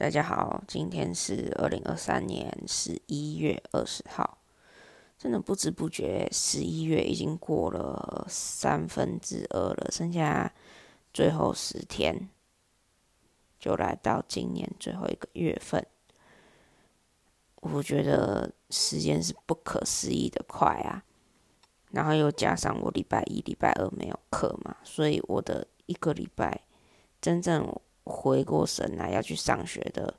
大家好，今天是二零二三年十一月二十號，真的不知不覺十一月已經過了三分之二了，剩下最後十天就來到今年最後一個月份。我覺得時間是不可思議的快啊！然後又加上我禮拜一、禮拜二沒有課嘛，所以我的一個禮拜真正我。回過神來、啊、要去上學的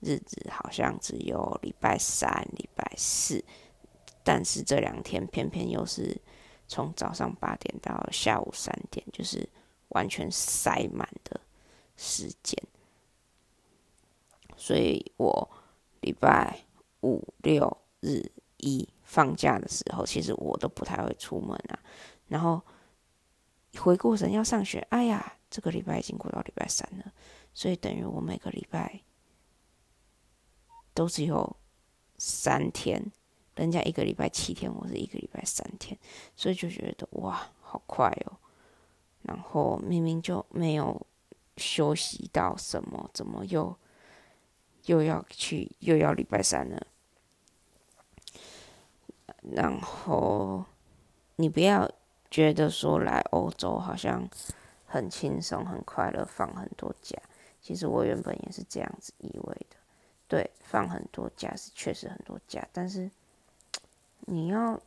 日子，好像只有禮拜三、禮拜四，但是這兩天偏偏又是從早上八點到下午三點，就是完全塞滿的時間，所以我禮拜五六日一放假的時候，其實我都不太會出門啊。然後回過神要上學，哎呀，這個禮拜已經過到禮拜三了。所以等於我每個禮拜都只有三天，人家一個禮拜七天，我是一個禮拜三天，所以就覺得哇，好快哦！然後明明就沒有休息到什麼，怎麼又又要去又要禮拜三了。然後你不要覺得說來歐洲好像很輕鬆、很快樂，放很多假。其實我原本也是這樣子以為的，對，放很多假是確實很多假，但是你要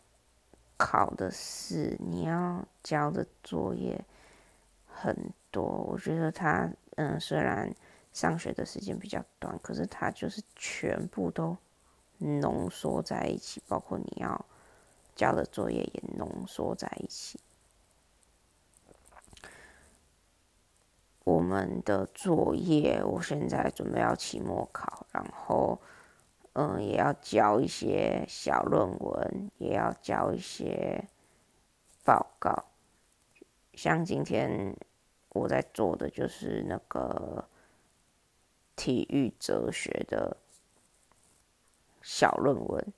考的試，你要交的作業很多。我覺得他嗯，雖然上學的時間比較短，可是他就是全部都濃縮在一起，包括你要交的作業也濃縮在一起。我們的作業，我現在準備要期末考，然後，嗯，也要交一些小論文，也要交一些報告。像今天我在做的就是那個體育哲學的小論文，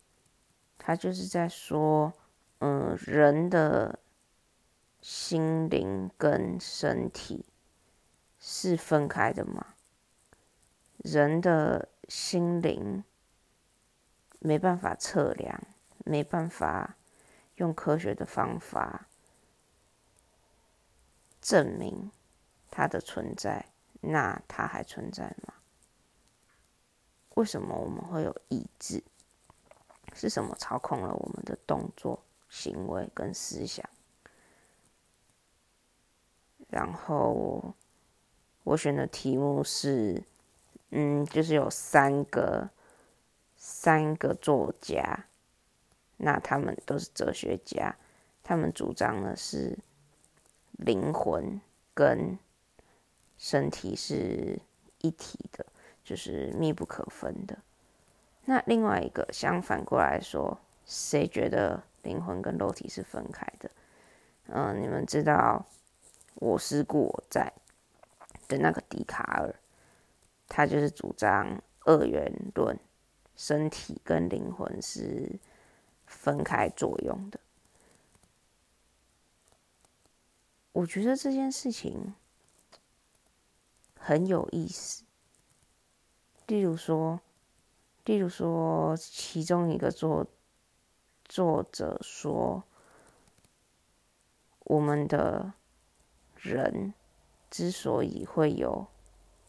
他就是在說，嗯，人的心靈跟身體。是分開的嗎？人的心靈沒辦法測量，沒辦法用科學的方法證明它的存在，那它還存在嗎？為什麼我們會有意志？是什麼操控了我們的動作、行為跟思想？然後。我選的題目是，嗯，就是有三個，三個作家，那他們都是哲學家，他們主張的是靈魂跟身體是一體的，就是密不可分的。那另外一個，相反過來說，誰覺得靈魂跟肉體是分開的？嗯、呃，你們知道，我思故我在。的那個笛卡爾，他就是主張二元論，身體跟靈魂是分開作用的。我覺得這件事情很有意思。例如說，例如說，其中一個作作者說，我們的人。之所以會有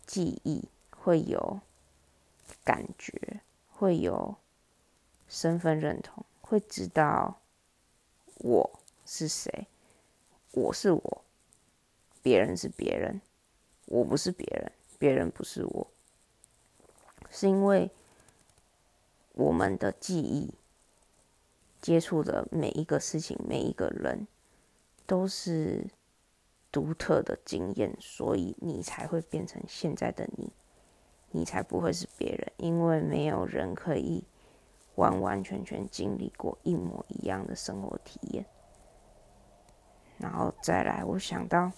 記憶，會有感覺，會有身份認同，會知道我是誰，我是我，別人是別人，我不是別人，別人不是我，是因為我們的記憶接觸的每一個事情，每一個人都是。獨特的經驗，所以你才會變成現在的你，你才不會是別人，因為沒有人可以完完全全經歷過一模一樣的生活體驗。然後再來，我想到，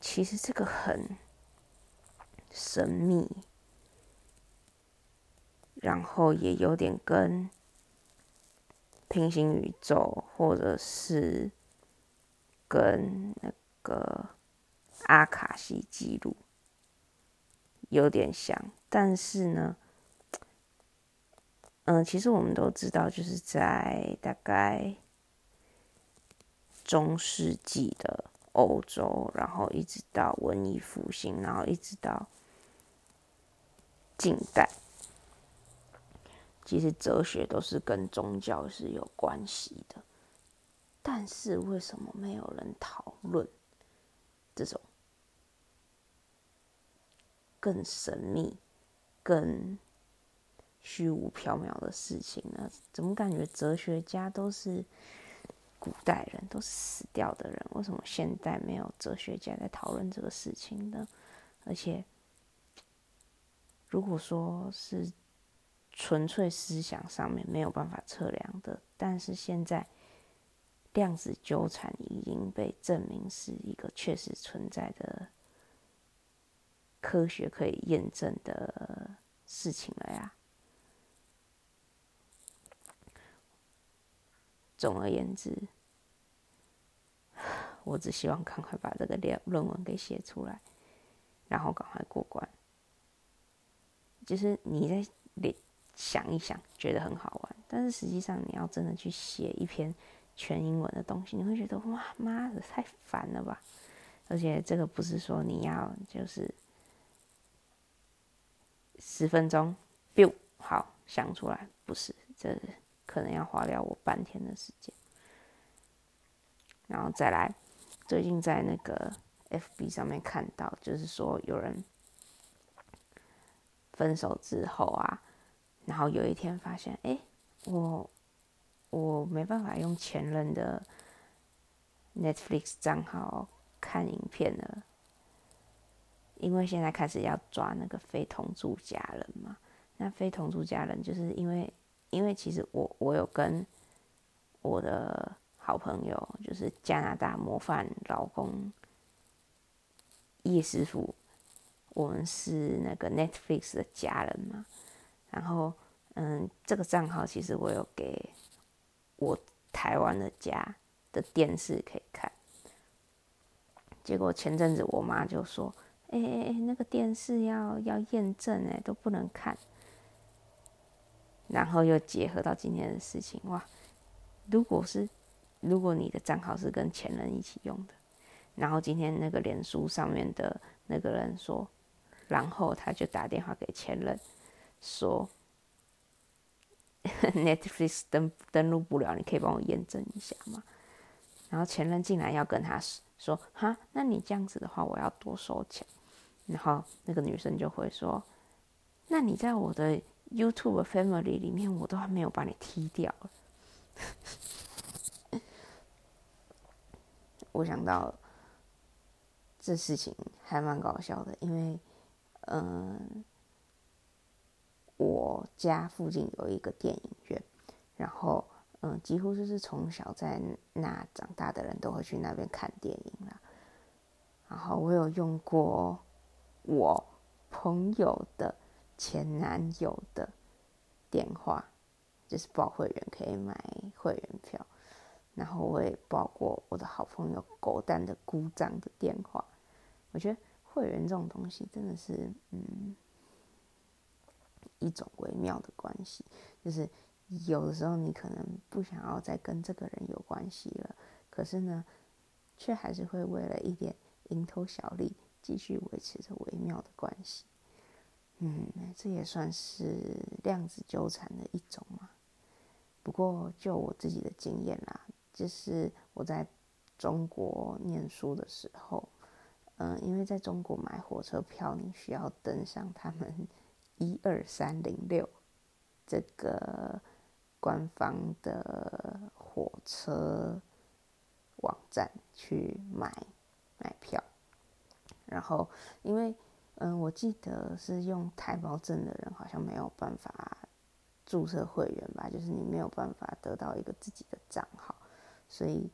其實這個很神秘，然後也有點跟平行宇宙或者是。跟那個阿卡西記錄有點像，但是呢，嗯、呃，其實我們都知道，就是在大概中世紀的歐洲，然後一直到文藝復興，然後一直到近代，其實哲學都是跟宗教是有關係的。但是為什麼沒有人討論這種更神秘、更虛無縹緲的事情呢？怎麼感覺哲學家都是古代人，都是死掉的人？為什麼現在沒有哲學家在討論這個事情呢？而且，如果說是純粹思想上面沒有辦法測量的，但是現在。量子糾纏已經被證明是一個確實存在的、科學可以驗證的事情了呀。總而言之，我只希望趕快把這個論文給寫出來，然後趕快過關。就是你再想一想，覺得很好玩，但是實際上你要真的去寫一篇。全英文的東西，你會覺得哇媽的太煩了吧？而且這個不是說你要就是十分鐘，丟好想出來，不是，這是可能要花掉我半天的時間。然後再來，最近在那個 FB 上面看到，就是說有人分手之後啊，然後有一天發現，哎、欸，我。我沒辦法用前任的 Netflix 賬號看影片了，因為現在開始要抓那個非同住家人嘛。那非同住家人就是因為，因為其實我我有跟我的好朋友，就是加拿大模範老公葉師傅，我們是那個 Netflix 的家人嘛。然後，嗯，這個賬號其實我有給。我台灣的家的電視可以看，結果前陣子我媽就說：“哎哎哎，那個電視要要驗證哎、欸，都不能看。”然後又結合到今天的事情，哇！如果是如果你的賬號是跟前任一起用的，然後今天那個臉書上面的那個人說，然後他就打電話給前任說。 Netflix 登登錄不了，你可以幫我驗證一下嗎？然後前任竟然要跟他說：“哈，那你這樣子的話，我要多收錢。”然後那個女生就會說：“那你在我的 YouTube family 裡面，我都還沒有把你踢掉了 我想到這事情還蠻搞笑的，因為，嗯、呃。我家附近有一個電影院，然後嗯，幾乎就是從小在那，那長大的人都會去那邊看電影啦。然後我有用過我朋友的前男友的電話，就是報會員可以買會員票。然後我也報過我的好朋友狗蛋的姑丈的電話。我覺得會員這種東西真的是，嗯。一種微妙的關係，就是有的時候你可能不想要再跟這個人有關係了，可是呢，卻還是會為了一點蠅頭小利繼續維持着微妙的關係。嗯，這也算是量子糾纏的一種嘛。不過就我自己的經驗啦，就是我在中國念書的時候，嗯、呃，因為在中國買火車票，你需要登上他們。一二三零六這個官方的火車網站去買買票，然後因為嗯，我記得是用台胞證的人好像沒有辦法注冊會員吧，就是你沒有辦法得到一個自己的賬號，所以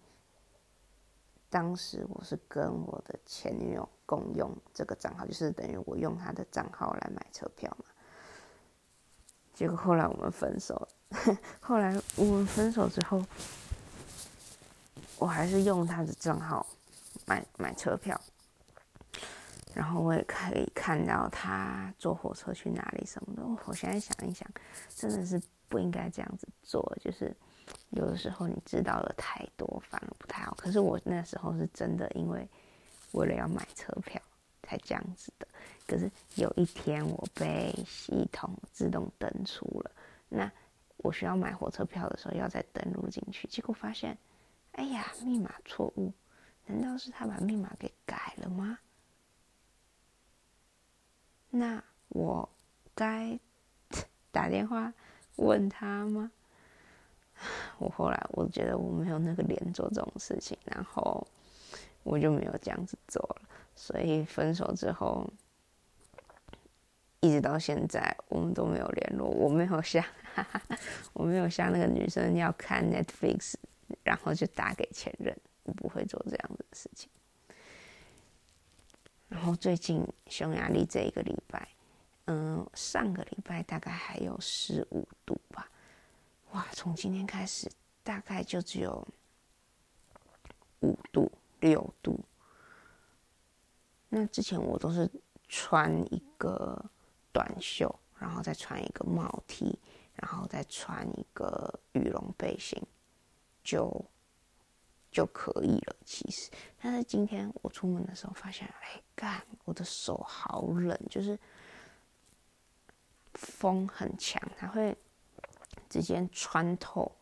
當時我是跟我的前女友共用這個賬號，就是等於我用她的賬號來買車票嘛。結果後來我們分手了， 後來我們分手之後，我還是用他的賬號買買車票，然後我也可以看到他坐火車去哪裡什麼的。我現在想一想，真的是不應該這樣子做，就是有的時候你知道的太多反而不太好。可是我那時候是真的，因為為了要買車票。才這樣子的，可是有一天我被系統自動登出了，那我需要買火車票的時候要再登錄進去，結果發現，哎呀，密碼錯誤，難道是他把密碼給改了嗎？那我該打電話問他嗎？我後來我覺得我沒有那個臉做這種事情，然後。我就沒有這樣子做了，所以分手之後，一直到現在我們都沒有聯絡。我沒有像哈， 我沒有像那個女生要看 Netflix，然後就打給前任。我不會做這樣的事情。然後最近匈牙利這一個禮拜，嗯，上個禮拜大概還有十五度吧，哇，從今天開始大概就只有。六度。那之前我都是穿一個短袖，然後再穿一個帽 T，然後再穿一個羽絨背心，就就可以了。其實，但是今天我出門的時候發現，哎、欸，幹，我的手好冷，就是風很強，它會直接穿透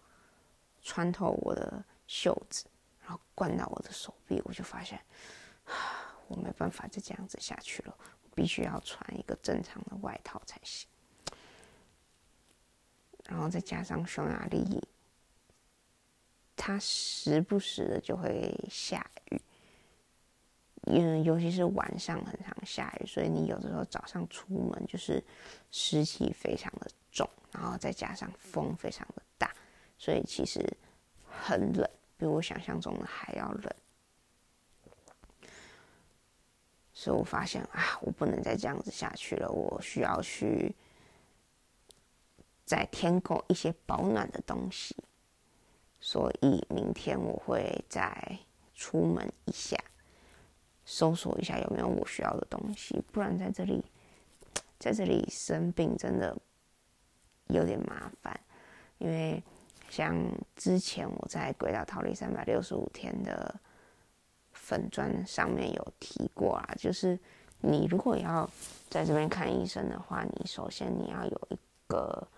穿透我的袖子。然後灌到我的手臂，我就發現，啊，我沒辦法再這樣子下去了，必須要穿一個正常的外套才行。然後再加上匈牙利，它時不時的就會下雨，因為尤其是晚上很常下雨，所以你有的時候早上出門就是濕氣非常的重，然後再加上風非常的大，所以其實很冷。比我想象中的還要冷，所以我發現啊，我不能再這樣子下去了。我需要去再添購一些保暖的東西。所以明天我會再出門一下，搜索一下有沒有我需要的東西。不然在這裡，在這裡生病真的有點麻煩，因為。像之前我在《軌道逃離三百六十五天》的粉專上面有提過啊，就是你如果要在這邊看醫生的話，你首先你要有一個、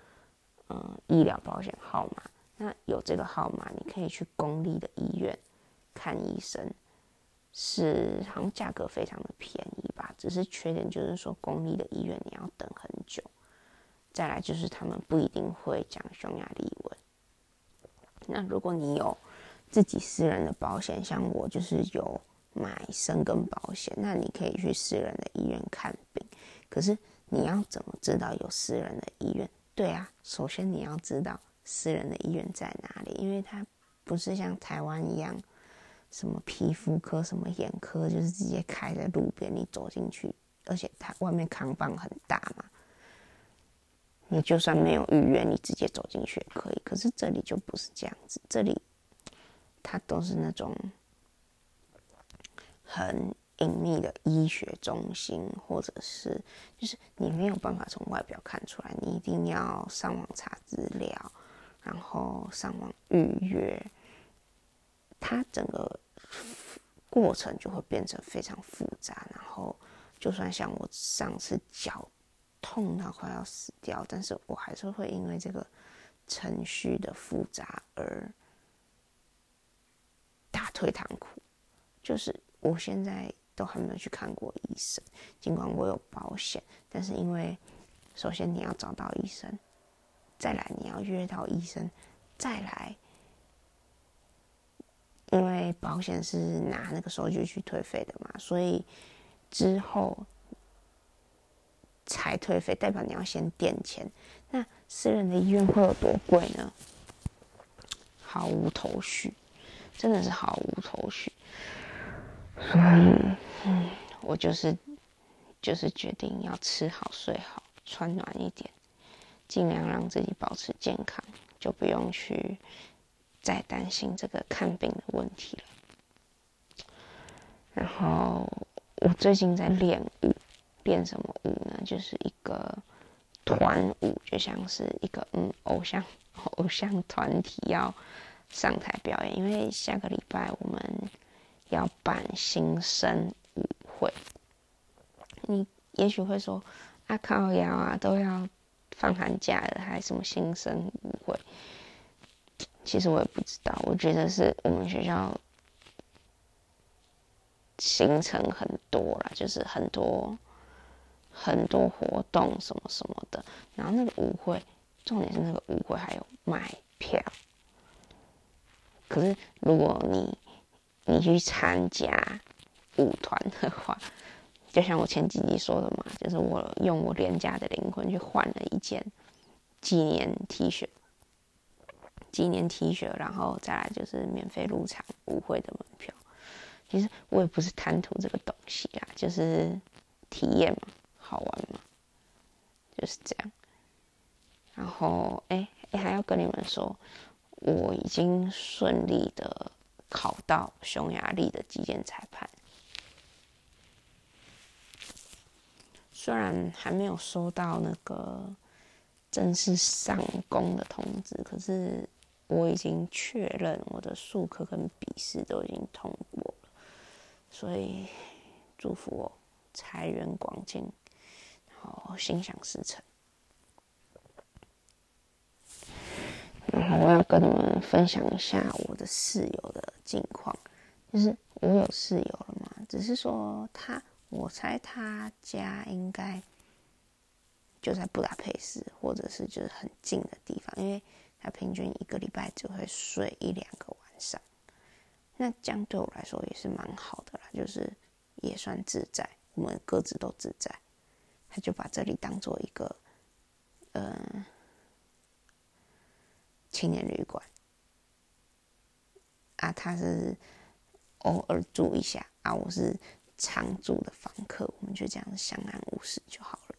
嗯、醫療保險號碼。那有這個號碼，你可以去公立的醫院看醫生，是好像價格非常的便宜吧。只是缺點就是說公立的醫院你要等很久，再來就是他們不一定會講匈牙利文。那如果你有自己私人的保險，像我就是有買申根保險，那你可以去私人的醫院看病。可是你要怎麼知道有私人的醫院？對啊，首先你要知道私人的醫院在哪裡，因為它不是像台灣一樣，什麼皮膚科、什麼眼科，就是直接開在路邊，你走進去，而且它外面扛棒很大嘛。你就算沒有預約，你直接走進去也可以。可是這裡就不是這樣子，這裡它都是那種很隱秘的醫學中心，或者是就是你沒有辦法從外表看出來，你一定要上網查資料，然後上網預約，它整個過程就會變成非常複雜。然後就算像我上次腳。痛到快要死掉，但是我還是會因為這個程序的複雜而打退堂鼓。就是我現在都還沒有去看過醫生，儘管我有保險，但是因為首先你要找到醫生，再來你要約到醫生，再來因為保險是拿那個收據去退費的嘛，所以之後。才退費，代表你要先墊錢。那私人的醫院會有多貴呢？毫無頭緒，真的是毫無頭緒。所以，嗯，我就是就是決定要吃好、睡好、穿暖一點，盡量讓自己保持健康，就不用去再擔心這個看病的問題了。然後我最近在練舞。變什麼舞呢？就是一個團舞，就像是一個嗯，偶像偶像團體要上台表演。因為下個禮拜我們要辦新生舞會，你也許會說啊，靠，腰啊，都要放寒假了，還什麼新生舞會？其實我也不知道，我覺得是我們學校行程很多啦，就是很多。很多活動什麼什麼的，然後那個舞會，重點是那個舞會還有買票。可是如果你你去參加舞團的話，就像我前幾集說的嘛，就是我用我廉價的靈魂去換了一件紀念 T 恤，紀念 T 恤，然後再來就是免費入場舞會的門票。其實我也不是貪圖這個東西啊，就是體驗嘛。好玩嗎？就是這樣。然後，哎、欸、哎、欸，還要跟你們說，我已經順利的考到匈牙利的擊劍裁判。雖然還沒有收到那個正式上工的通知，可是我已經確認我的術科跟筆試都已經通過了。所以，祝福我財源廣進。好，心想事成。然後我要跟你們分享一下我的室友的近況，就是我有室友了嘛。只是說他，我猜他家應該就在布達佩斯，或者是就是很近的地方，因為他平均一個禮拜只會睡一兩個晚上。那這樣對我來說也是蠻好的啦，就是也算自在，我們各自都自在。他就把這裡當做一個，呃，青年旅館啊，他是偶爾住一下啊，我是常住的房客，我們就這樣相安無事就好了，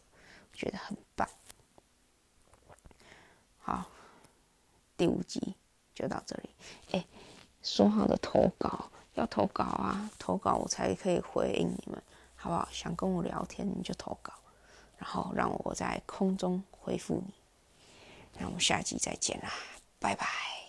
我覺得很棒。好，第五集就到這裡。欸，說好的投稿要投稿啊，投稿我才可以回應你們，好不好？想跟我聊天你就投稿。然後讓我在空中回復你，那我們下集再見啦，拜拜。